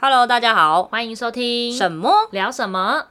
哈嘍，Hello, 大家好，歡迎收聽什麼聊什麼。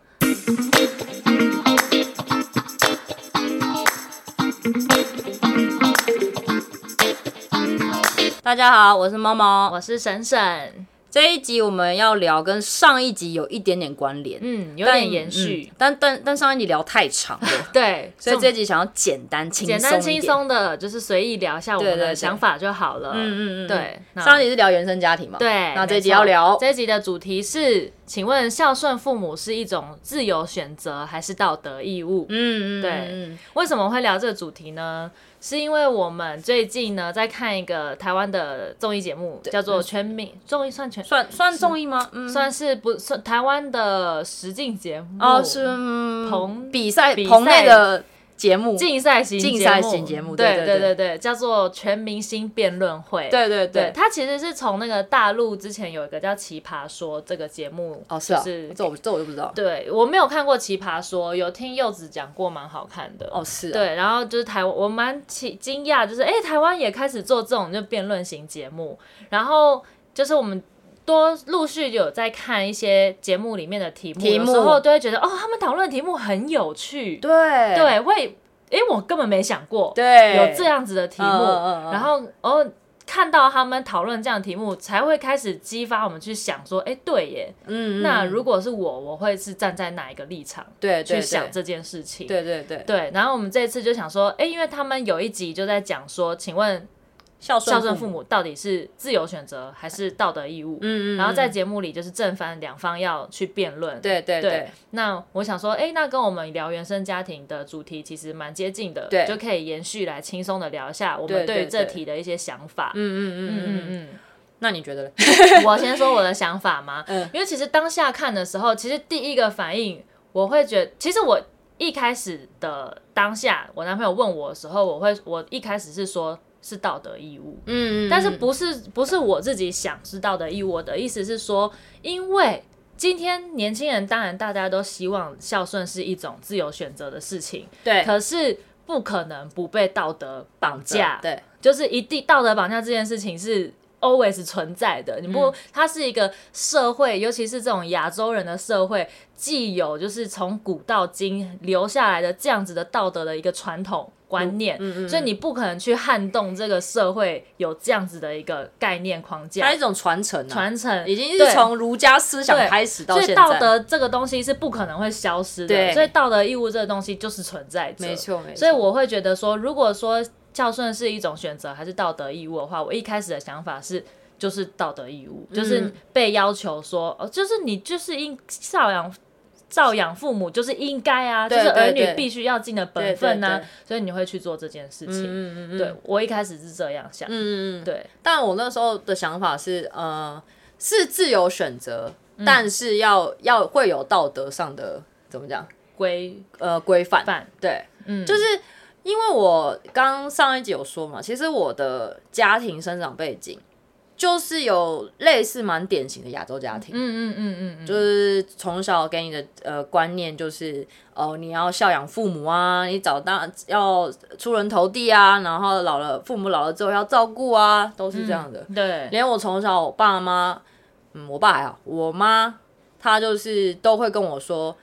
大家好，我是貓貓，我是沈沈。這一集我們要聊跟上一集有一點點關聯，嗯，有點延續，但、嗯、但，但，但上一集聊太長了， 對，所以這一集想要簡單輕鬆、輕簡單、輕鬆的，就是隨意聊一下我們的想法就好了，嗯嗯嗯，對，上一集是聊原生家庭嘛，對，那這一集要聊，這一集的主題是，請問孝順父母是一種自由選擇還是道德義務？嗯嗯，嗯嗯，對，為什麼會聊這個主題呢？是因為我們最近呢在看一個台灣的綜藝節目，對叫做《全民綜藝》，嗯算算，算全算算綜藝嗎？是嗯、哼算是不算台灣的實境節目？哦、oh,，是、嗯、棚比賽賽棚內的。節目競賽型競賽型節目，對對對對，對對對，叫做全明星辯論會，對對對，對，它其實是從那個大陸之前有一個叫《奇葩說》這個節目，哦是、啊就是，這我、欸，這我就不知道，對我沒有看過《奇葩說》，有聽柚子講過蠻好看的，哦是、啊，對，然後就是台灣，我蠻奇驚訝，就是哎、欸，台灣也開始做這種就辯論型節目，然後就是我們。多陸續有在看一些節目裡面的題目，的時候，題目，都會覺得哦，他們討論題目很有趣。對，對，會，哎、欸，我根本沒想過，對，有這樣子的題目。哦哦哦然後，哦，看到他們討論這樣的題目，才會開始激發我們去想說，哎、欸，對耶，嗯,嗯，那如果是我，我會是站在哪一個立場？對,對,對，去想這件事情。對,對,對,對，對，對，對。然後我們這次就想說，哎、欸，因為他們有一集就在講說，請問。孝順父，父母到底是自由選擇還是道德義務？嗯，嗯嗯。然後在節目裡就是正反兩方要去辯論。對對對，對，對。那我想說，哎、欸，那跟我們聊原生家庭的主題其實蠻接近的，對，就可以延續來輕鬆的聊一下我們對這題的一些想法。嗯嗯嗯嗯嗯。那你覺得呢？ 我先說我的想法嗎？因為其實當下看的時候，其實第一個反應我會覺得，其實我一開始的當下，我男朋友問我的時候，我會我一開始是說。是道德義務，嗯，但是不是不是我自己想是道德義務的、嗯、意思是說，因為今天年輕人當然大家都希望孝順是一種自由選擇的事情，對，可是不可能不被道德綁架、嗯，對，就是一定道德綁架這件事情是 always 存在的，你不，嗯、它是一個社會，尤其是這種亞洲人的社會，既有就是從古到今留下來的這樣子的道德的一個傳統。觀念，嗯嗯，所以你不可能去撼動這個社會有這樣子的一個概念框架，它是一種傳承、啊、傳承，傳承已經是從儒家思想開始到現在，所以道德這個東西是不可能會消失的，對所以道德義務這個東西就是存在沒，沒錯。所以我會覺得說，如果說孝順是一種選擇還是道德義務的話，我一開始的想法是就是道德義務，嗯、就是被要求說哦，就是你就是應贍養孝養父母就是應該啊，就是兒女必須要盡的本分啊。所以你會去做這件事情。嗯嗯，對，我一開始是這樣想。嗯嗯，對。但我那時候的想法是，呃，是自由選擇，但是要要會有道德上的怎麼講規呃規範。對，嗯，就是因為我剛上一集有說嘛，其實我的家庭生長背景。就是有類似蠻典型的亞洲家庭，嗯嗯，嗯嗯嗯嗯，就是從小給你的呃觀念就是，哦，你要孝養父母啊，你長大要出人頭地啊，然後老了父母老了之後要照顧啊，都是這樣的。嗯、對，連我從小我爸媽，嗯，我爸還好，我媽她就是都會跟我說。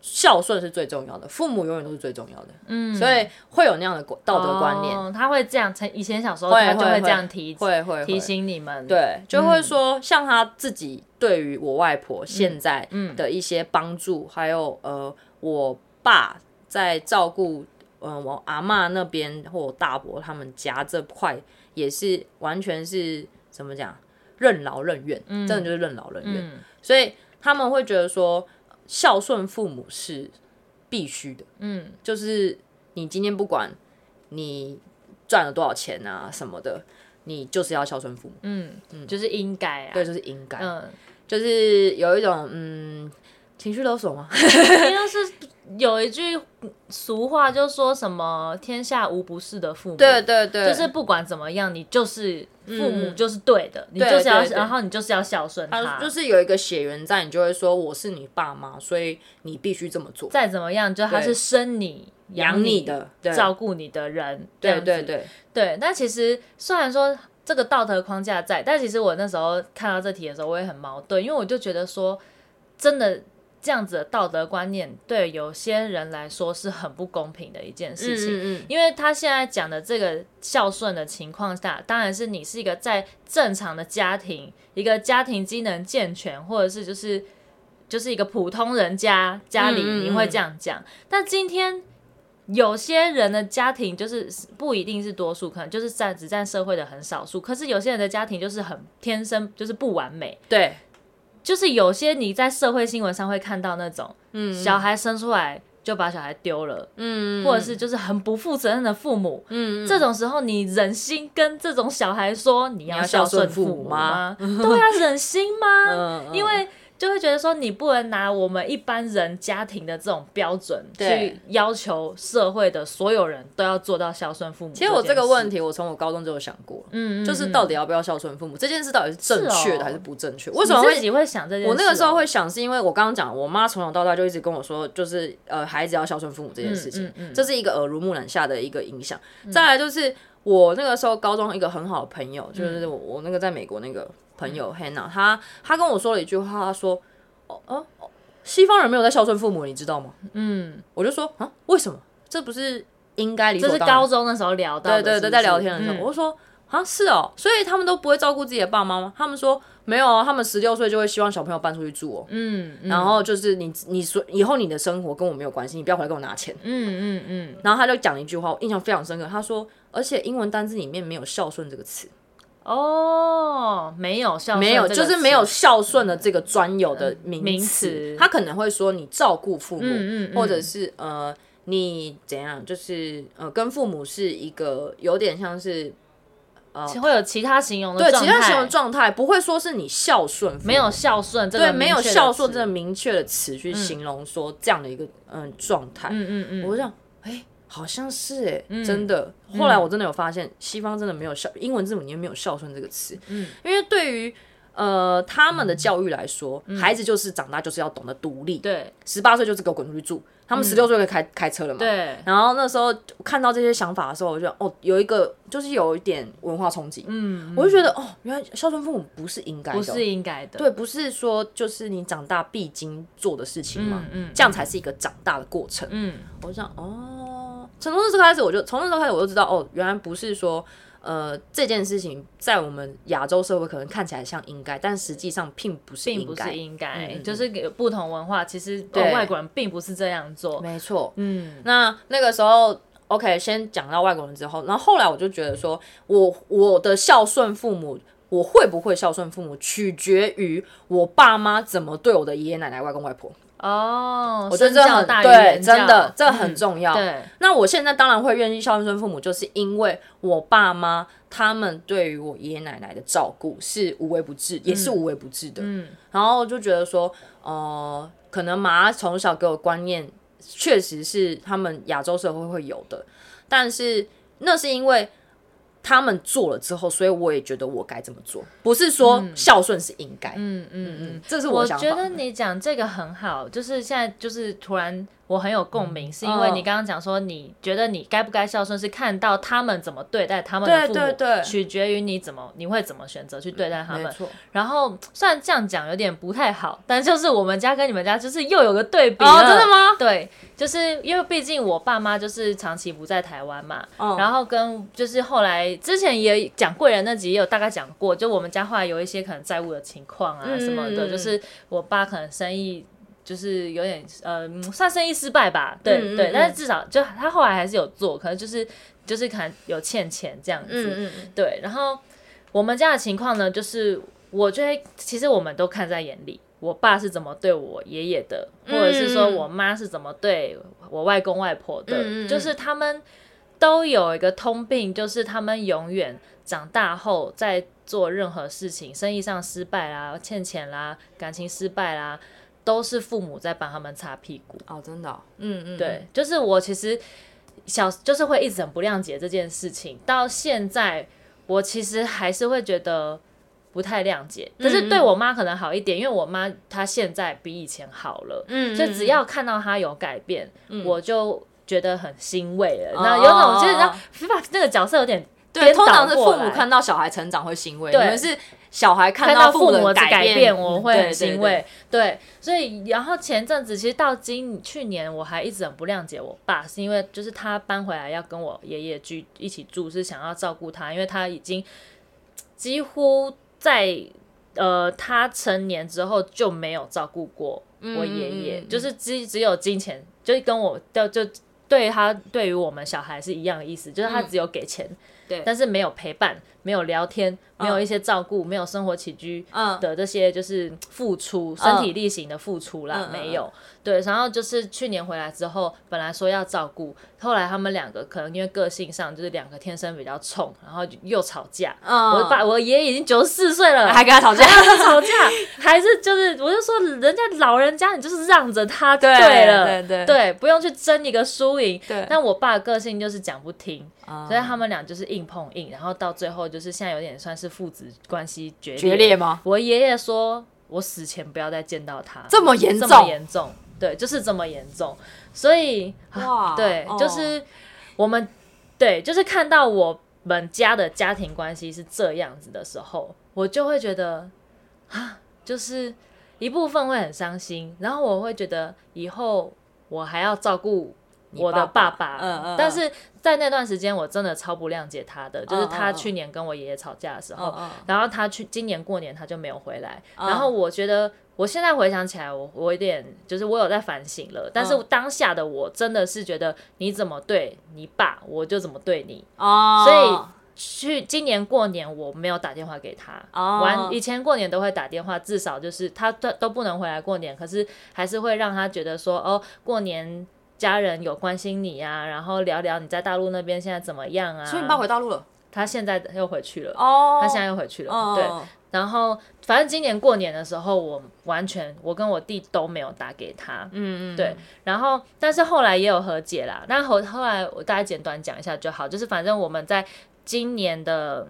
孝順是最重要的，父母永遠都是最重要的。嗯，所以會有那樣的道德觀念，哦、他會這樣。以前小時候，他就會這樣提，會會，會，會提醒你們。對，嗯、就會說像他自己對於我外婆現在的一些幫助，嗯嗯、還有呃我爸在照顧嗯、呃、我阿嬤那邊或我大伯他們家這塊，也是完全是怎麼講，任勞任怨，嗯、真的就是任勞任怨。嗯嗯、所以他們會覺得說，孝順父母是必須的，嗯，就是你今天不管你賺了多少錢啊什麼的，你就是要孝順父母，嗯嗯，嗯就是應該啊，對，就是應該，嗯，就是有一種嗯情緒勒索嗎？有一句俗話就說什麼“天下無不是的父母”，對對對，就是不管怎麼樣，你就是父母就是對的，嗯、你就是要，對對對然後你就是要孝順他、啊。就是有一個血緣在，你就會說我是你爸媽，所以你必須這麼做。再怎麼樣，對，就他是生你、你、養你的、照顧你的人這樣子，對對對對、對。但其實雖然說這個道德框架在，但其實我那時候看到這題的時候，我也很矛盾，因為我就覺得說真的。這樣子的道德觀念，對有些人來說是很不公平的一件事情，嗯嗯嗯，因為他現在講的這個孝順的情況下，當然是你是一個在正常的家庭，一個家庭機能健全，或者是就是就是一個普通人家家裡，你會這樣講。嗯嗯嗯。但今天有些人的家庭就是不一定是多數，可能就是佔只佔社會的很少數。可是有些人的家庭就是很天生就是不完美，對。就是有些你在社會新聞上會看到那種，小孩生出來就把小孩丟了，嗯，或者是就是很不負責任的父母，嗯，這種時候你忍心跟這種小孩說，嗯，你要孝順父母嗎？對啊，都要忍心嗎？ 因為。就會覺得說，你不能拿我們一般人家庭的這種標準去要求社會的所有人都要做到孝順父母。其實我這個問題，我從我高中就有想過，嗯，嗯，嗯，就是到底要不要孝順父母、哦、這件事，到底是正確的還是不正確？你自己為什麼會，你會想這件事、哦？我那個時候會想，是因為我剛剛講，我媽從小到大就一直跟我說，就是呃，孩子要孝順父母這件事情，這、嗯嗯嗯、是一個耳濡目染下的一個影響。再來就是我那個時候高中一個很好的朋友，就是我，我那個在美國那個。朋友 Hannah 他他跟我說了一句話，他說：“哦哦、啊，西方人沒有在孝順父母，你知道嗎？”嗯，我就說：“啊，為什麼？這不是應該理所當然，這是高中那時候聊到的是不是，對對對，在聊天的時候，嗯、我就說：“啊，是哦，所以他們都不會照顧自己的爸媽嗎？”他們說：“沒有哦、啊，他們十六歲就會希望小朋友搬出去住哦、喔。嗯”嗯，然後就是你你說以後你的生活跟我沒有關係，你不要回來跟我拿錢。嗯嗯嗯。嗯嗯，然後他就講了一句話，我印象非常深刻。他說：“而且英文單字裡面沒有孝順這個詞。”哦，oh, 沒有孝順，沒有就是沒有孝順的這個專有的名詞，嗯嗯、名詞，他可能會說你照顧父母，嗯嗯、或者是呃你怎樣，就是呃跟父母是一個有點像是呃會有其他形容的狀態，對其他形容狀態，不會說是你孝順，沒有孝順，對沒有孝順這個明確的詞去形容說這樣的一個嗯狀態、嗯，嗯嗯嗯，我這樣哎。欸好像是哎，真的。後來我真的有發現，西方真的沒有孝，英文字母裡沒有孝順這個詞。嗯，因為對於呃他們的教育來說，孩子就是長大就是要懂得獨立。對，十八歲就是給我滾出去住。他們十六歲可以開開車了嘛？對。然後那時候看到這些想法的時候，我就覺得，哦，有一個就是有一點文化衝擊。嗯，我就覺得，哦，原來孝順父母不是應該的，不是應該的。對，不是說就是你長大必經做的事情嘛？嗯，這樣才是一個長大的過程。嗯，我想哦。從那時候開始，我就從那時候開始，我就知道哦，原來不是說，呃，這件事情在我們亞洲社會可能看起來像應該，但實際上並不是應該，並不是應該，就是不同文化其實對外國人並不是這樣做。沒錯，嗯，那那個時候，OK，先講到外國人之後，然後後來我就覺得說，我我的孝順父母，我會不會孝順父母，取決於我爸媽怎麼對我的爺爺奶奶、外公外婆。哦，oh, 我真的很大對，真的，嗯、這很重要。對那我現在當然會願意孝順父母，就是因為我爸媽他們對於我爺爺奶奶的照顧是無微不至，也是無微不至的。嗯嗯，然後我就覺得說，呃，可能媽從小給我的觀念，確實是他們亞洲社會會有的，但是那是因為。他們做了之後，所以我也覺得我該這麼做，不是說孝順是應該、嗯嗯嗯。嗯嗯嗯，這是我想的。我覺得你講這個很好，就是現在就是突然。我很有共鳴，嗯、是因為你剛剛講說，你覺得你該不該孝順，是看到他們怎麼對待他們的父母，取決於你怎麼，你會怎麼選擇去對待他們。嗯、然後雖然這樣講有點不太好，但就是我們家跟你們家就是又有個對比了、哦。真的嗎？對，就是因為畢竟我爸媽就是長期不在台灣嘛，哦、然後跟就是後來之前也講貴人那集也有大概講過，就我們家後來有一些可能債務的情況啊什麼的、嗯，就是我爸可能生意。就是有點，嗯、呃，算生意失敗吧，對。嗯嗯嗯對，但是至少就他後來還是有做，可能就是就是可能有欠錢這樣子，嗯嗯對。然後我們家的情況呢，就是我覺得其實我們都看在眼裡，我爸是怎麼對我爺爺的，嗯嗯或者是說我媽是怎麼對我外公外婆的，嗯嗯就是他們都有一個通病，就是他們永遠長大後在做任何事情，生意上失敗啦，欠錢啦，感情失敗啦。都是父母在幫他們擦屁股啊、哦！真的、哦，嗯嗯，對，就是我其實小就是會一直很不諒解這件事情，到現在我其實還是會覺得不太諒解，嗯、可是對我媽可能好一點，嗯、因為我媽她現在比以前好了，嗯，所以只要看到她有改變，嗯、我就覺得很欣慰了。嗯、那有種，就是得把、哦、那個角色有點對，通常是父母看到小孩成長會欣慰，對，可是。小孩看到父母的改變，我會很欣慰。對，所以然後前陣子其實到今去年，我還一直很不諒解我爸，是因為就是他搬回來要跟我爺爺住一起住，是想要照顧他，因為他已經幾乎在呃他成年之後就沒有照顧過我爺爺，嗯、就是只只有金錢，就是跟我就就對他對於我們小孩是一樣的意思，就是他只有給錢。嗯對但是沒有陪伴，沒有聊天，沒有一些照顧，oh. 沒有生活起居的這些就是付出，oh. 身體力行的付出啦。Oh. 沒有。對，然後就是去年回來之後，本來說要照顧，後來他們兩個可能因為個性上就是兩個天生比較衝，然後又吵架。Oh. 我爸我爺爺已經九十四歲了，還跟他吵架，吵架 還是就是我就說人家老人家你就是讓着他對了對對,對,對，不用去爭一個輸贏。對，但我爸個性就是講不聽。所以他們倆就是硬碰硬，然後到最後就是現在有點算是父子關係決裂，決裂嗎？我爺爺說我死前不要再見到他，這麼嚴重？這麼嚴重，對，就是這麼嚴重。所以哇，啊，對，哦，就是我們對，就是看到我們家的家庭關係是這樣子的時候，我就會覺得啊，就是一部分會很傷心，然後我會覺得以後我還要照顧我的爸爸，爸爸，嗯，嗯，但是。在那段時間，我真的超不諒解他的，oh、就是他去年跟我爺爺吵架的時候，oh、然後他去今年過年他就沒有回來，oh、然後我覺得我現在回想起來我，我我有點就是我有在反省了，oh、但是當下的我真的是覺得你怎麼對你爸，我就怎麼對你，oh、所以去今年過年我沒有打電話給他，完、oh、以前過年都會打電話，至少就是他他都不能回來過年，可是還是會讓他覺得說，哦，過年。家人有關心你啊，然後聊聊你在大陸那邊現在怎麼樣啊？所以你爸回大陸了？他現在又回去了。哦，oh, 他現在又回去了。Oh. 對，然後反正今年過年的時候，我完全我跟我弟都沒有打給他。嗯嗯、mm，hmm. 對。然後，但是後來也有和解啦。那後後來我大概簡短講一下就好，就是反正我們在今年的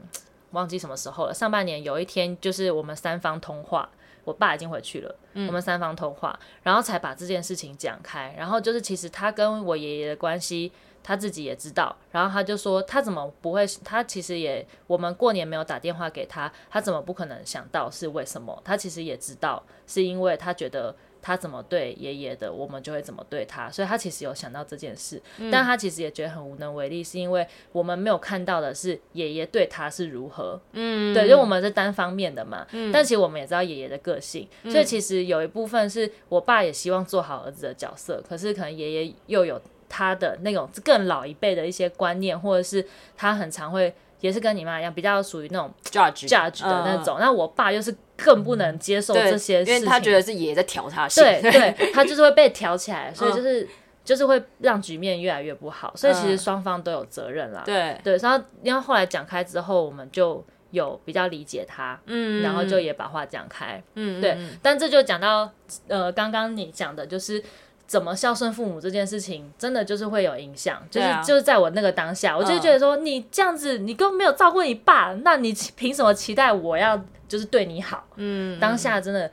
忘記什麼時候了，上半年有一天就是我們三方通話。我爸已經回去了，嗯，我們三方通話，然後才把這件事情講開。然後就是，其實他跟我爺爺的關係，他自己也知道。然後他就說，他怎麼不會？他其實也，我們過年沒有打電話給他，他怎麼不可能想到是為什麼？他其實也知道，是因為他覺得。他怎麼對爺爺的，我們就會怎麼對他，所以他其實有想到這件事，嗯、但他其實也覺得很無能為力，是因為我們沒有看到的是爺爺對他是如何，嗯，對，因為我們是單方面的嘛，嗯、但其實我們也知道爺爺的個性，所以其實有一部分是我爸也希望做好兒子的角色，嗯、可是可能爺爺又有他的那種更老一輩的一些觀念，或者是他很常會。也是跟你媽一樣，比較屬於那種 judge, judge 的那種。呃、那我爸又是更不能接受這些事情、嗯，因為他覺得是也在挑釁，對， 他就是會被挑起來，所以就是、呃、就是會讓局面越來越不好。所以其實雙方都有責任啦。對、呃、對，然後因為後來講開之後，我們就有比較理解他，嗯、然後就也把話講開，嗯，對。嗯、但這就講到呃，剛剛你講的就是。怎麼孝順父母這件事情，真的就是會有影響，啊、就是就是在我那個當下，我就覺得說、嗯、你這樣子，你根本沒有照顧你爸，那你憑什麼期待我要就是對你好？嗯，嗯，當下真的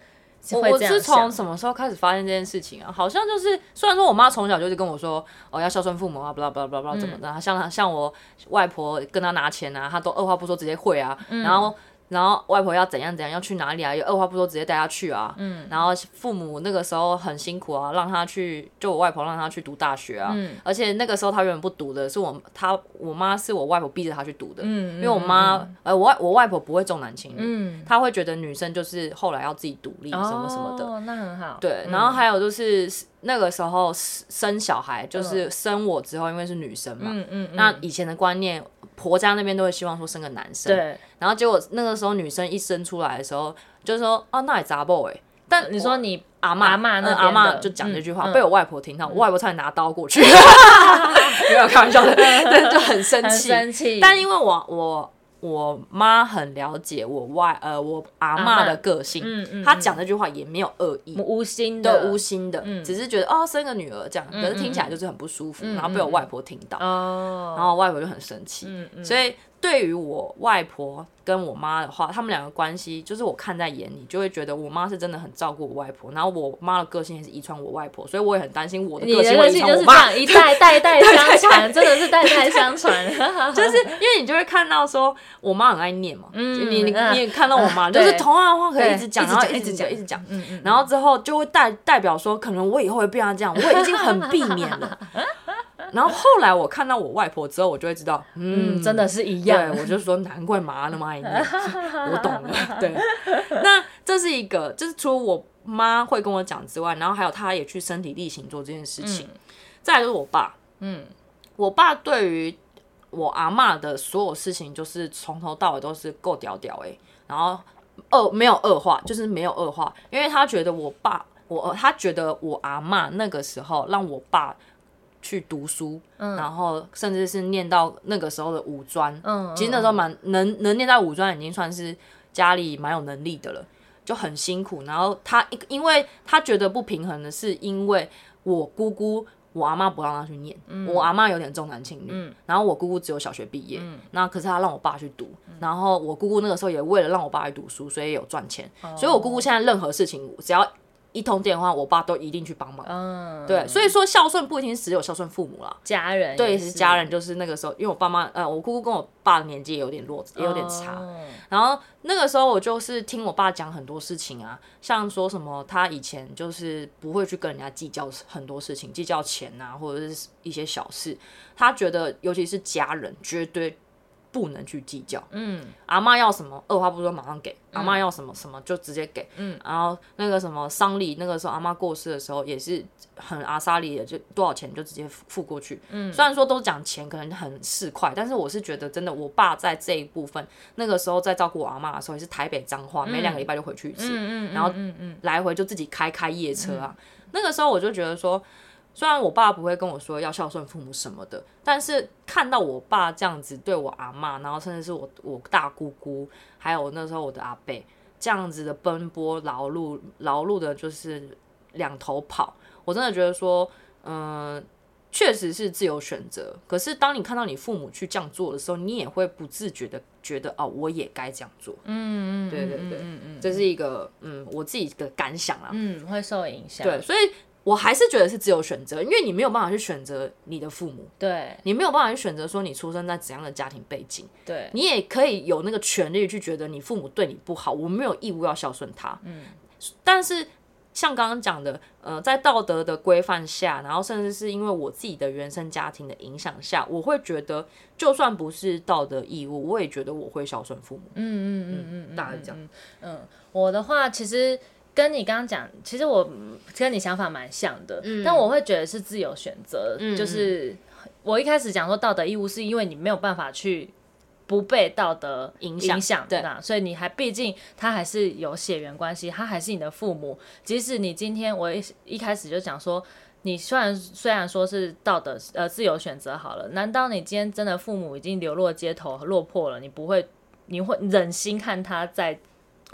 我，我我是從什麼時候開始發現這件事情啊？好像就是雖然說我媽從小就是跟我說，哦要孝順父母啊，不知道不知道不知道怎麼的、啊？像、嗯、像我外婆跟她拿錢啊，她都二話不說直接匯啊，嗯、然後。然後外婆要怎樣怎樣，要去哪裡啊？也二話不說直接帶她去啊。嗯，然後父母那個時候很辛苦啊，讓她去，就我外婆讓她去讀大學啊。嗯，而且那個時候她原本不讀的，是我她我媽是我外婆逼着她去讀的。嗯，因為我媽，嗯，呃，我外我外婆不會重男輕女，嗯，她會覺得女生就是後來要自己獨立什麼什麼的。哦，那很好。對，然後還有就是。嗯那個時候生小孩就是生我之後，因為是女生嘛。嗯嗯，那以前的觀念，婆家那邊都會希望說生個男生。對。然後結果那個時候女生一生出來的時候，就是說哦，那也查某欸。但你說你阿媽阿媽那阿媽就講這句話，被我外婆聽到，我外婆差點拿刀過去。沒有開玩笑的，但就很生氣生氣。但因為我我。我媽很了解我外，呃我阿嬤的個性，她講、嗯嗯嗯、這句話也沒有惡意無，無心的對，無心的，嗯、只是覺得哦生個女兒這樣，可是聽起來就是很不舒服，嗯、然後被我外婆聽到，嗯嗯、然後外婆就很生氣，嗯嗯嗯、所以。對於我外婆跟我媽的話，他們兩個關係就是我看在眼裡，就會覺得我媽是真的很照顧我外婆。然後我媽的個性也是遺傳我外婆，所以我也很擔心我的個性會影響我，我一代代代相傳， 真的是代代相傳。 就是因為你就會看到說，我媽很愛念嘛，嗯、你你那你也看到我媽就是同樣的話可以一直講，一直講，一直講，一直講。直講嗯、然後之後就會代代表說，可能我以後會變成這樣， 我已經很避免了。 然後後來我看到我外婆之後，我就會知道，嗯，嗯真的是一樣。對，我就說難怪媽那麼愛你， 我懂了。對，那這是一個，就是除了我媽會跟我講之外，然後還有他也去身體力行做這件事情。嗯、再來就是我爸，嗯，我爸對於我阿嬤的所有事情，就是從頭到尾都是夠屌屌哎，然後惡沒有惡化，就是沒有惡化，因為他覺得我爸，我他覺得我阿嬤那個時候讓我爸。去讀書，然後甚至是念到那個時候的五專，嗯，其實那時候蠻能能念到五專，已經算是家裡蠻有能力的了，就很辛苦。然後他一，因為他覺得不平衡的是，因為我姑姑，我阿嬤不讓他去念，嗯，我阿嬤有點重男輕女，嗯，然後我姑姑只有小學畢業，嗯，那可是她讓我爸去讀，然後我姑姑那個時候也為了讓我爸去讀書，所以有賺錢，所以我姑姑現在任何事情只要。一通電話，我爸都一定去幫忙。嗯，對，所以說孝順不一定只有孝順父母了，就是，家人對是家人。就是那個時候，因為我爸媽呃，我姑姑跟我爸的年紀也有點落，也有點差。嗯，然後那個時候，我就是聽我爸講很多事情啊，像說什麼他以前就是不會去跟人家計較很多事情，計較錢啊或者是一些小事。他覺得，尤其是家人，絕對。不能去計較，嗯，阿媽要什麼，二話不說馬上給；嗯、阿媽要什麼什麼就直接給。嗯，然後那個什麼喪禮，那個時候阿媽過世的時候也是很阿莎力，也就多少錢就直接付付過去。嗯，雖然說都講錢，可能很市儈，但是我是覺得真的，我爸在這一部分那個時候在照顧我阿媽的時候，也是台北彰化，嗯、每兩個禮拜就回去一次、嗯，嗯嗯，然後來回就自己開開夜車啊。嗯、那個時候我就覺得說。雖然我爸不會跟我說要孝順父母什麼的，但是看到我爸這樣子對我阿嬤，然後甚至是我我大姑姑，還有那時候我的阿伯這樣子的奔波勞碌，勞碌的就是兩頭跑，我真的覺得說，嗯、呃，確實是自由選擇。可是當你看到你父母去這樣做的時候，你也會不自覺的覺得，哦，我也該這樣做。嗯，嗯，嗯對對對，嗯嗯嗯這是一個嗯我自己的感想啊。嗯，會受影響。對，所以。我還是覺得是自由選擇，因為你沒有辦法去選擇你的父母，對你沒有辦法去選擇說你出生在怎樣的家庭背景，對你也可以有那個權利去覺得你父母對你不好，我沒有義務要孝順他。嗯，但是像剛剛講的，呃，在道德的規範下，然後甚至是因為我自己的原生家庭的影響下，我會覺得就算不是道德義務，我也覺得我會孝順父母。嗯嗯嗯嗯嗯，大概這樣，嗯，我的話其實。跟你剛剛講，其實我跟你想法蠻像的，嗯，但我會覺得是自由選擇。嗯，就是我一開始講說道德義務，是因為你沒有辦法去不被道德影響，影響，知道嗎？對，所以你還畢竟他還是有血緣關係，他還是你的父母。即使你今天我一一開始就講說，你雖然雖然說是道德呃自由選擇好了，難道你今天真的父母已經流落街頭、落魄了，你不會你會忍心看他在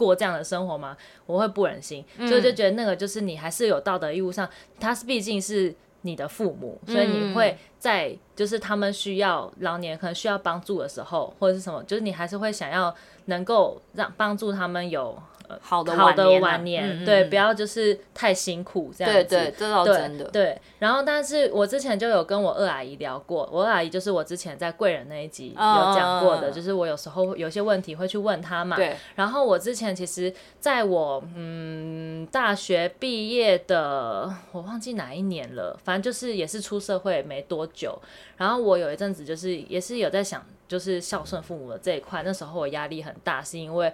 過這樣的生活嗎？我會不忍心，嗯，所以就覺得那個就是你還是有道德義務上，他是畢竟是你的父母，所以你會在就是他們需要老年可能需要幫助的時候，或者是什麼，就是你還是會想要能夠讓幫助他們有。好的，好的，晚年對，不要就是太辛苦這樣子。對對，真的。對對，然後但是我之前就有跟我二阿姨聊過，我二阿姨就是我之前在貴人那一集有講過的，oh、就是我有時候有些問題會去問他嘛。對然後我之前其實在我嗯大學畢業的，我忘記哪一年了，反正就是也是出社會沒多久。然後我有一陣子就是也是有在想，就是孝順父母的這一塊，那時候我壓力很大，是因為。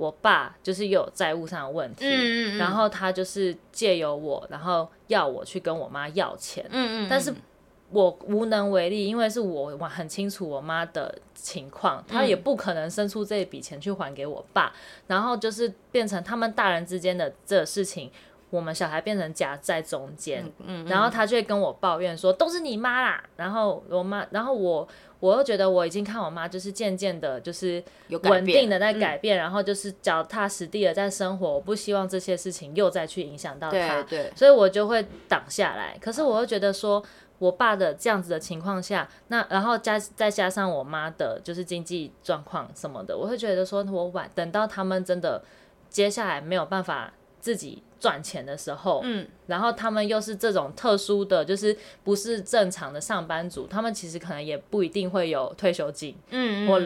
我爸就是有債務上的問題，嗯嗯嗯，然後他就是借由我，然後要我去跟我媽要錢，嗯嗯嗯，但是我無能為力，因為是我我很清楚我媽的情況，她也不可能生出這筆錢去還給我爸，嗯、然後就是變成他們大人之間的這事情，我們小孩變成夾在中間，嗯嗯嗯，然後他就會跟我抱怨說，都是你媽啦，然後我媽，然後我。我又覺得我已經看我媽，就是漸漸的，就是穩定的在改變，改變然後就是腳踏實地的在生活。嗯、我不希望這些事情又再去影響到她，所以我就會擋下來。可是我又覺得說，我爸的這樣子的情況下，啊、那然後加再加上我媽的，就是經濟狀況什麼的，我會覺得說我晚等到他們真的接下來沒有辦法自己。賺錢的時候，嗯，然後他們又是這種特殊的，就是不是正常的上班族，他們其實可能也不一定會有退休金，嗯，嗯，嗯，或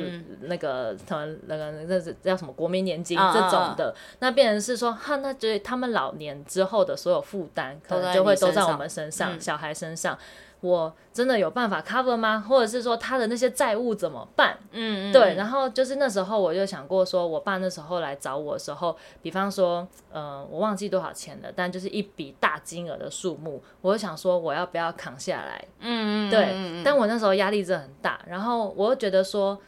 那個什麼那個那個、叫什麼國民年金哦哦哦這種的，那變成是說哈，那所以他們老年之後的所有負擔，可能就會都在我們身上，嗯嗯小孩身上。我真的有辦法 cover 嗎？或者是說他的那些債務怎麼辦？嗯，嗯，對。然後就是那時候我就想過，說我爸那時候來找我的時候，比方說，呃，我忘記多少錢了，但就是一筆大金額的數目，我就想說我要不要扛下來？嗯嗯，對。但我那時候壓力真的很大，然後我又覺得說。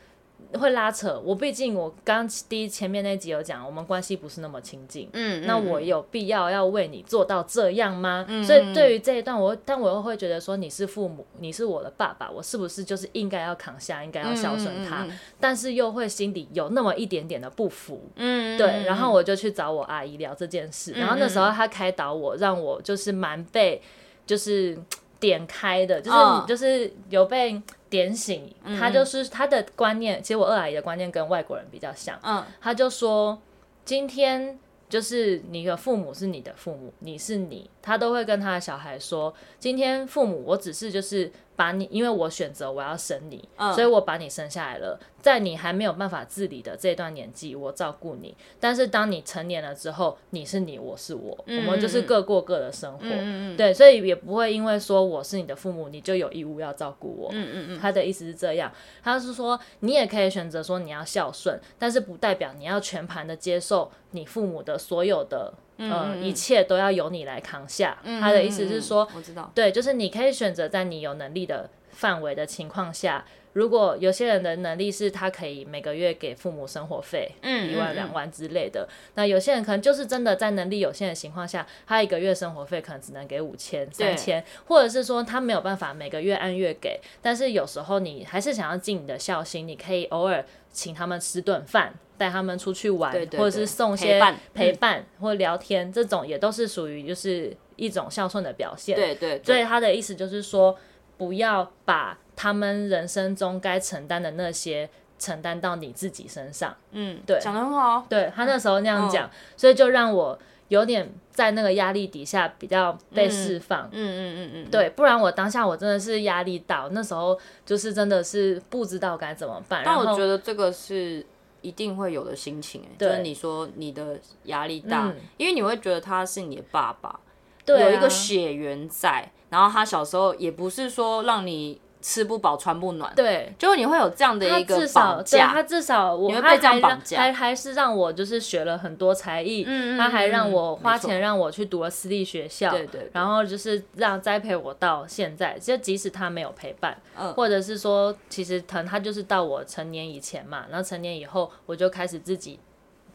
會拉扯我，畢竟我剛第一前面那集有講，我們關係不是那麼親近，嗯。嗯，那我有必要要為你做到這樣嗎？嗯，所以對於這一段我，我但我又會覺得說，你是父母，你是我的爸爸，我是不是就是應該要扛下，應該要孝順他？嗯嗯嗯，但是又會心底有那麼一點點的不服。嗯，對。然後我就去找我阿姨聊這件事，嗯、然後那時候她開導我，讓我就是蠻被就是。點開的，就是、oh. 就是有被點醒，mm hmm. 他就是他的觀念。其實我二阿姨的觀念跟外國人比較像，oh. 他就說，今天就是你的父母是你的父母，你是你，他都會跟他的小孩說，今天父母我只是就是。把你，因為我選擇我要生你，oh. 所以我把你生下來了。在你還沒有辦法自理的這段年紀，我照顧你。但是當你成年了之後，你是你，我是我，mm hmm. 我們就是各過各的生活。Mm hmm. 對，所以也不會因為說我是你的父母，你就有義務要照顧我。Mm hmm. 他的意思是這樣，他是說你也可以選擇說你要孝順，但是不代表你要全盤的接受你父母的所有的。嗯嗯呃，一切都要由你來扛下。嗯嗯嗯嗯，他的意思是說，我知道，對，就是你可以選擇在你有能力的範圍的情況下，如果有些人的能力是他可以每個月給父母生活費一萬兩萬之類的，嗯嗯嗯，那有些人可能就是真的在能力有限的情況下，他一個月生活費可能只能給五千三千，對或者是說他沒有辦法每個月按月給，但是有時候你還是想要盡你的孝心，你可以偶爾請他們吃頓飯。帶他們出去玩，或者是送些陪伴或聊天，這種也都是屬於就是一種孝順的表現。對對，所以他的意思就是說，不要把他們人生中該承擔的那些承擔到你自己身上。嗯，對，講得很好。對，他那時候那樣講，所以就讓我有點在那個壓力底下比較被釋放。嗯嗯嗯嗯，對，不然我當下我真的是壓力到那時候就是真的是不知道該怎麼辦。但我覺得這個是。一定會有的心情、欸，哎對，就是你說你的壓力大，嗯、因為你會覺得他是你的爸爸，對啊、有一個血緣在，然後他小時候也不是說讓你。吃不飽穿不暖，對，就你會有這樣的一個綁架，他至少對，他至少我，會這樣，他還還還是讓我就是學了很多才藝，嗯嗯，嗯，嗯嗯，他還讓我花錢沒錯，讓我去讀了私立學校，對，對對，然後就是讓栽培我到現在，就即使他沒有陪伴，嗯、或者是說其實疼他就是到我成年以前嘛，然後成年以後我就開始自己。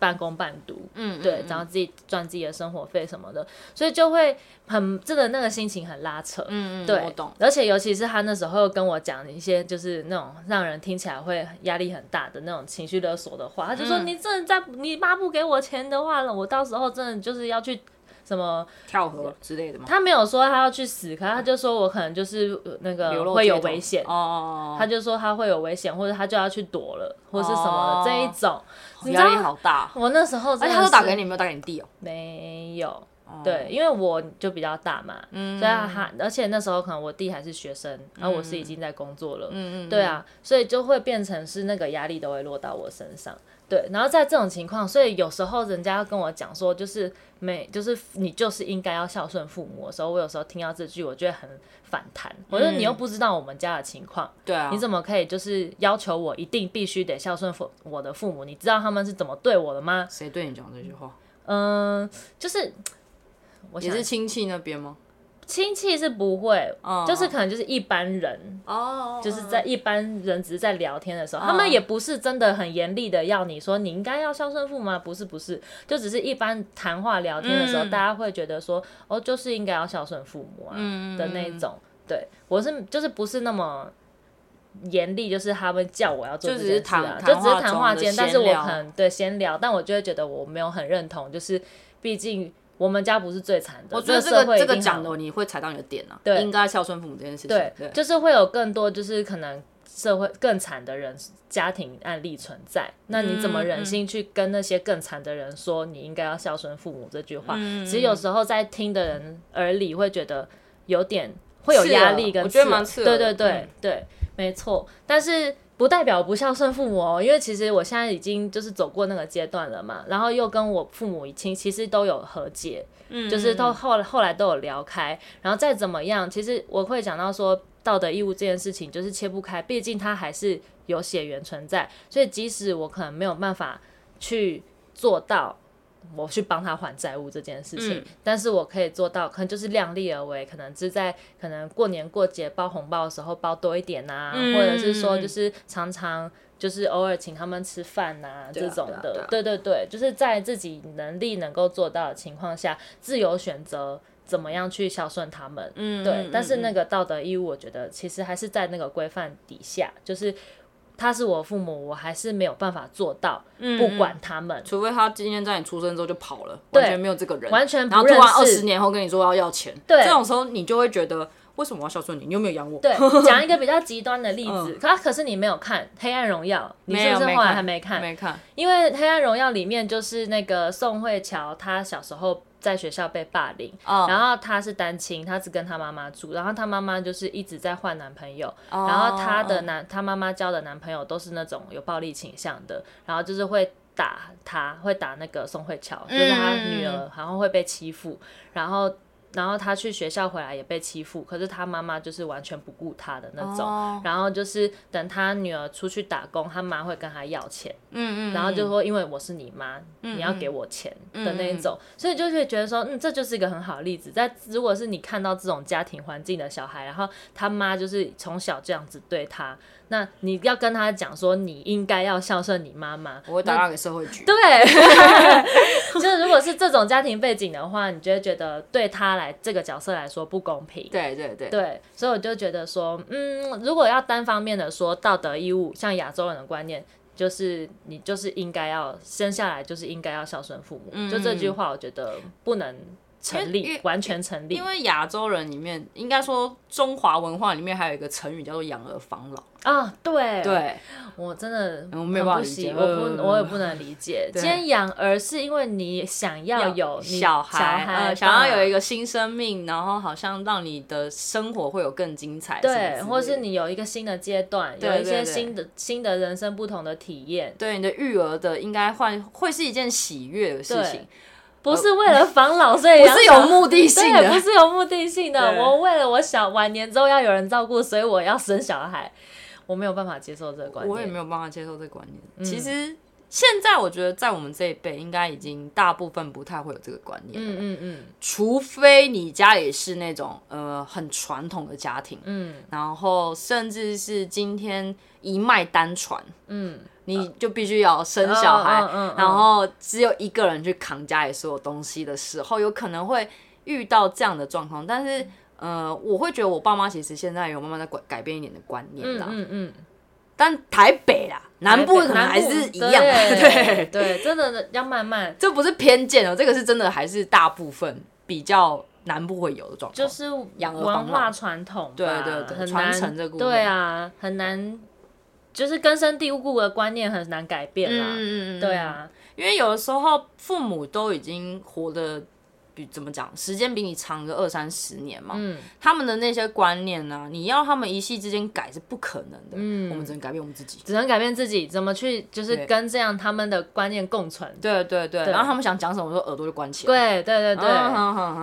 半工半讀，嗯，嗯，嗯，對，然後自己賺自己的生活費什麼的，所以就會很這個那個心情很拉扯，嗯，嗯對，我懂。而且尤其是他那時候跟我講一些就是那種讓人聽起來會壓力很大的那種情緒勒索的話，他就說：“你真的在、嗯、你媽不給我錢的話了，我到時候真的就是要去什麼跳河之類的嗎？”他沒有說他要去死，可是他就說我可能就是那個會有危險哦，他就說他會有危險，或者他就要去躲了，或者是什麼這一種。哦壓力好大，啊，我那時候。哎，他都打給你沒有？打給你弟哦。沒有，對，因為我就比較大嘛，嗯嗯嗯嗯，所以他而且那時候可能我弟還是學生，然後我是已經在工作了，嗯嗯，嗯嗯，對啊，所以就會變成是那個壓力都會落到我身上。對，然後在這種情況，所以有時候人家要跟我講說，就是每就是你就是應該要孝順父母的時候，我有時候聽到這句，我覺得很反彈。嗯、我說你又不知道我們家的情況，對啊，你怎麼可以就是要求我一定必須得孝順父我的父母？你知道他們是怎麼對我的嗎？誰對你講這句話？嗯，就是，你是親戚那邊嗎？親戚是不會，oh. 就是可能就是一般人，oh. Oh. Oh. Oh. 就是在一般人只是在聊天的時候，oh. Oh. 他們也不是真的很嚴厲的要你說你應該要孝順父母嗎、啊？不是不是，就只是一般談話聊天的時候，mm. 大家會覺得說哦，就是應該要孝順父母啊、mm. 的那種。對，我是就是不是那麼嚴厲，就是他們叫我要做這件事啊，就只是談話間，但是我很對閒聊，但我就會覺得我沒有很認同，就是畢竟。我們家不是最慘的，我覺得這個這個，會這個講的，你會踩到你的點了，啊。對，應該孝順父母這件事情，對，對，就是會有更多就是可能社會更慘的人、家庭案例存在。嗯、那你怎麼忍心去跟那些更慘的人說你應該要孝順父母這句話？嗯、其實有時候在聽的人耳裡會覺得有點會有壓力，跟壓力，跟我覺得蠻刺耳的。對對對對，嗯、沒錯，但是。不代表不孝順父母哦，因為其實我現在已經就是走過那個階段了嘛，然後又跟我父母親其實都有和解，嗯，就是到後來後來都有聊開，然後再怎麼樣，其實我會講到說道德義務這件事情就是切不開，畢竟它還是有血緣存在，所以即使我可能沒有辦法去做到。我去幫他還債務這件事情，嗯、但是我可以做到，可能就是量力而為，可能是在可能過年過節包紅包的時候包多一點吶、啊，嗯、或者是說就是常常就是偶爾請他們吃飯吶、啊嗯、這種的，嗯嗯、對對對，就是在自己能力能夠做到的情況下，自由選擇怎麼樣去孝順他們，對，嗯嗯、但是那個道德義務我覺得其實還是在那個規範底下，就是。他是我父母，我還是沒有辦法做到、嗯、不管他們。除非他今天在你出生之後就跑了，對完全沒有這個人，完全不認識。然後突然二十年後跟你說要要錢，對，這種時候你就會覺得，為什麼我要孝順你？你有沒有養我？對，講 一個比較極端的例子，可、嗯、可是你沒有看《黑暗榮耀》，你是不是後來還沒看？沒看，沒看，因為《黑暗榮耀》裡面就是那個宋慧喬，她小時候。在學校被霸凌，Oh. 然後她是單親，她只跟她媽媽住，然後她媽媽就是一直在換男朋友，Oh. 然後她的男，她媽媽交的男朋友都是那種有暴力傾向的，然後就是會打她，會打那個宋慧喬，嗯、就是她女兒好像，然後會被欺負，然後。然後他去學校回來也被欺負，可是他媽媽就是完全不顧他的那種。Oh. 然後就是等他女兒出去打工，他媽會跟他要錢。Mm hmm. 然後就說：“因為我是你媽，mm hmm. 你要給我錢的那種。Mm hmm.” 所以就會覺得說，嗯，這就是一個很好的例子。但如果是你看到這種家庭環境的小孩，然後他媽就是從小這樣子對他。那你要跟他講說，你應該要孝順你媽媽，我會打電話給社會局。對， 就是如果是這種家庭背景的話，你就會覺得對他來這個角色來說不公平。對對對，對，所以我就覺得說，嗯，如果要單方面的說道德義務，像亞洲人的觀念，就是你就是應該要生下來就是應該要孝順父母，嗯、就這句話，我覺得不能。成立，完全成立，因為亞洲人裡面，應該說中華文化裡面還有一個成語叫做“養兒防老”啊，對對，我真的我沒有辦法我不我也不能理解。今天養兒是因為你想要有小孩，想要有一個新生命，然後好像讓你的生活會有更精彩，對，或是你有一個新的階段，有一些新的新的人生不同的體驗，對，你的育兒的應該換會是一件喜悅的事情。不是為了防老，所以不是有目的性的，對，不是有目的性的。我為了我小晚年之後要有人照顧，所以我要生小孩。我沒有辦法接受這個觀念，我也沒有辦法接受這個觀念。嗯，其實。現在我覺得，在我們這一輩，應該已經大部分不太會有這個觀念了。嗯嗯，除非你家裡是那種呃很傳統的家庭，嗯，然後甚至是今天一脈單傳，嗯，你就必須要生小孩，然後只有一個人去扛家裡所有東西的時候，有可能會遇到這樣的狀況。但是，呃，我會覺得我爸媽其實現在有慢慢在改改變一點的觀念的。嗯嗯，但台北啦。南部可能還是一樣，對對，真的要慢慢。 這不是偏見哦，這個是真的，還是大部分比較南部會有的狀況，就是文化傳統，對對對，傳承這個過程。對啊，很難，就是根深蒂固的觀念很難改變啦，嗯嗯嗯，對啊、嗯，因為有的時候父母都已經活得。比怎麼講，時間比你長個二三十年嘛，嗯、他們的那些觀念呢、啊，你要他們一夕之間改是不可能的。嗯，我們只能改變我們自己，只能改變自己，怎麼去就是跟這樣他們的觀念共存。對，對對對，對然後他們想講什麼，時候耳朵就關起來。對對對對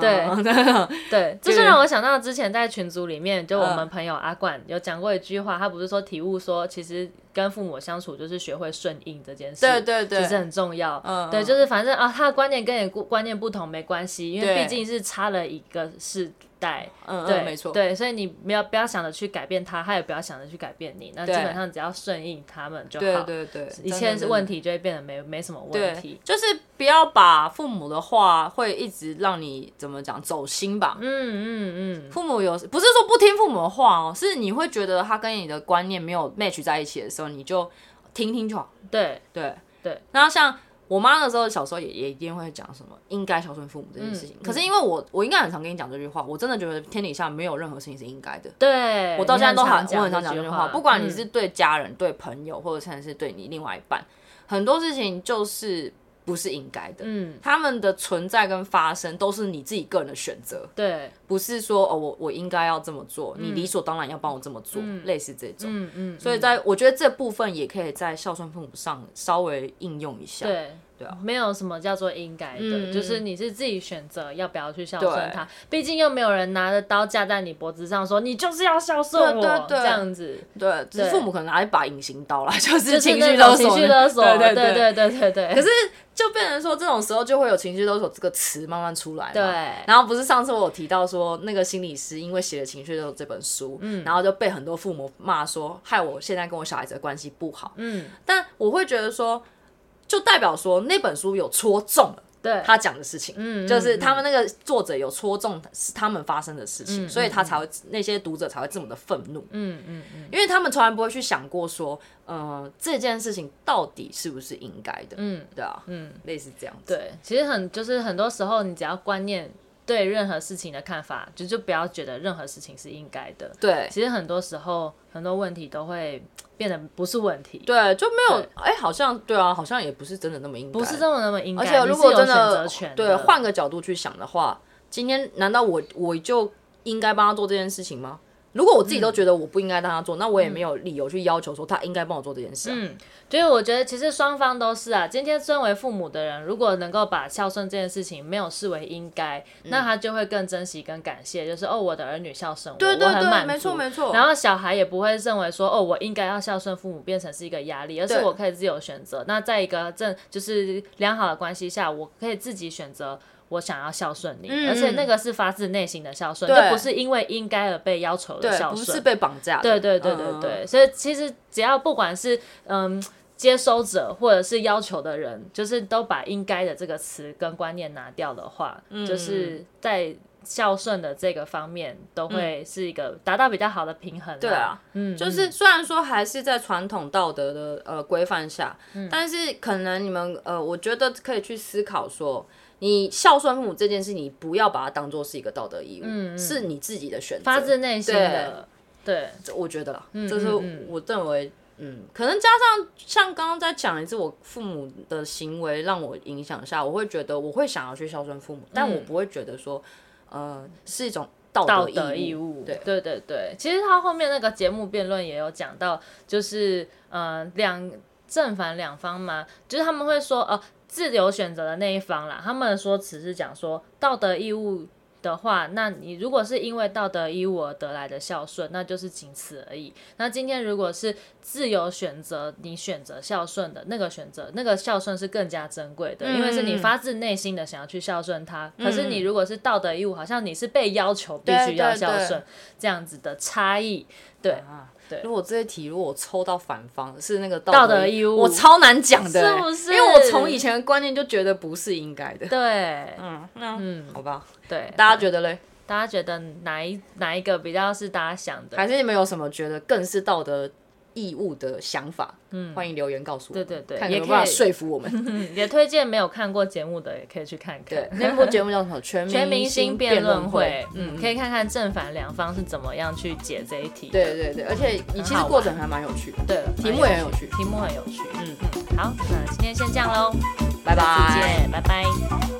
對對對，就是讓我想到之前在群組裡面，就我們朋友阿冠有講過一句話，他不是說體悟說其實。跟父母相處就是學會順應這件事，對對對，其實很重要。嗯、對，就是反正啊，他的觀念跟你的觀念不同沒關係，因為畢竟是差了一個世代，對嗯，嗯，對，沒錯錯，對，所以你不要不要想着去改變他，他也不要想着去改變你，那基本上只要順應他們就好，對對對，一切以前 問題就會變得沒沒什麼問題，就是不要把父母的話會一直讓你怎麼講走心吧，嗯嗯嗯，嗯嗯父母有時不是說不聽父母的話哦，是你會覺得他跟你的觀念沒有 match 在一起的時候，你就聽聽就好，對對對，對對，然後像。我媽那時候小時候也也一定會講什麼應該孝順父母這件事情，嗯、可是因為我我應該很常跟你講這句話，我真的覺得天底下沒有任何事情是應該的。對，我到現在都還很我很常講這句話，不管你是對家人，嗯、對朋友，或者甚至是對你另外一半，很多事情就是。不是應該的，嗯，他們的存在跟發生都是你自己個人的選擇，對，不是說哦，我我應該要這麼做，嗯，你理所當然要幫我這麼做，嗯，類似這種，嗯嗯，所以在我覺得這部分也可以在孝順父母上稍微應用一下，對。對啊，沒有什麼叫做應該的，就是你是自己選擇要不要去孝順他，畢竟又沒有人拿着刀架在你脖子上說，你就是要孝順我這樣子。對，父母可能拿一把隱形刀啦，就是情緒勒索，情緒勒索，對對對對對對。可是就變成說，這種時候就會有情緒勒索這個詞慢慢出來嘛。對。然後不是上次我有提到說，那個心理師因為寫了情緒勒索這本書，嗯，然後就被很多父母罵說，害我現在跟我小孩子的關係不好。嗯，但我會覺得說。就代表說那本書有戳中了，對他講的事情，嗯對，就是他們那個作者有戳中是他們發生的事情，嗯嗯、所以他才會、嗯、那些讀者才會這麼的憤怒，嗯嗯，嗯因為他們從來不會去想過說，嗯、呃，這件事情到底是不是應該的，嗯，對啊，嗯，類似這樣子，對，其實很就是很多時候你只要觀念。對任何事情的看法，就就不要覺得任何事情是應該的。對，其實很多時候很多問題都會變得不是問題。對，就沒有哎對，好像對啊，好像也不是真的那麼應該，不是真的那麼應該。而且如果真的，有選擇權的，對，換個角度去想的話，今天難道我我就應該幫他做這件事情嗎？如果我自己都覺得我不應該讓他做，嗯、那我也沒有理由去要求說他應該幫我做這件事，啊。嗯，所以我覺得其實雙方都是啊。今天身為父母的人，如果能夠把孝順這件事情沒有視為應該，嗯、那他就會更珍惜跟感謝，就是哦，我的兒女孝順，我很滿足。對對對，沒錯沒錯。然後小孩也不會認為說哦，我應該要孝順父母變成是一個壓力，而是我可以自由選擇。對，那在一個正就是良好的關係下，我可以自己選擇。我想要孝順你，嗯、而且那個是發自內心的孝順，那對不是因為應該而被要求的孝順，不是被綁架的。對對對對對，嗯、所以其實只要不管是嗯接收者，或者是要求的人，就是都把“應該”的這個詞跟觀念拿掉的話，嗯、就是在孝順的這個方面都會是一個達到比較好的平衡、啊。對啊，嗯，就是雖然說還是在傳統道德的呃規範下，嗯、但是可能你們呃，我覺得可以去思考說。你孝順父母這件事，你不要把它當做是一個道德義務，嗯嗯，是你自己的選擇，發自內心的。對，對，我覺得，就、嗯嗯嗯、是我認為，嗯，可能加上像剛剛在講一次我父母的行為讓我影響下，我會覺得我會想要去孝順父母，嗯、但我不會覺得說，呃，是一種道德義務。義務，對，對，對，對。其實他後面那個節目辯論也有講到，就是呃，兩正反兩方嘛，就是他們會說，呃。自由選擇的那一方啦，他們說辭是講說，道德義務的話，那你如果是因為道德義務而得來的孝順，那就是僅此而已。那今天如果是自由選擇，你選擇孝順的那個選擇，那個孝順是更加珍貴的，因為是你發自內心的想要去孝順他。嗯嗯，可是你如果是道德義務，好像你是被要求必須要孝順，對對對，這樣子的差異，對。啊對，如果這些題如果我抽到反方是那個道德義務，道德義務，我超難講的欸，是不是？因為我從以前的觀念就覺得不是應該的。對，嗯，那，嗯，好吧。對，大家覺得嘞？大家覺得哪一哪一個比較是大家想的？還是你們有什麼覺得更是道德？義務的想法，嗯，歡迎留言告訴我們、嗯，對對對，看有沒有辦法，說服我們，嗯、也推薦沒有看過節目的，也可以去看看。 對，那部節目叫什麼？全明全明星辯論會，嗯，嗯，可以看看正反兩方是怎麼樣去解這一題。對對對，而且你其實過程還蠻有趣的，對，題目也很有趣，有趣題目很有趣。嗯嗯，好，那今天先這樣嘍，拜拜 bye，再見，拜拜。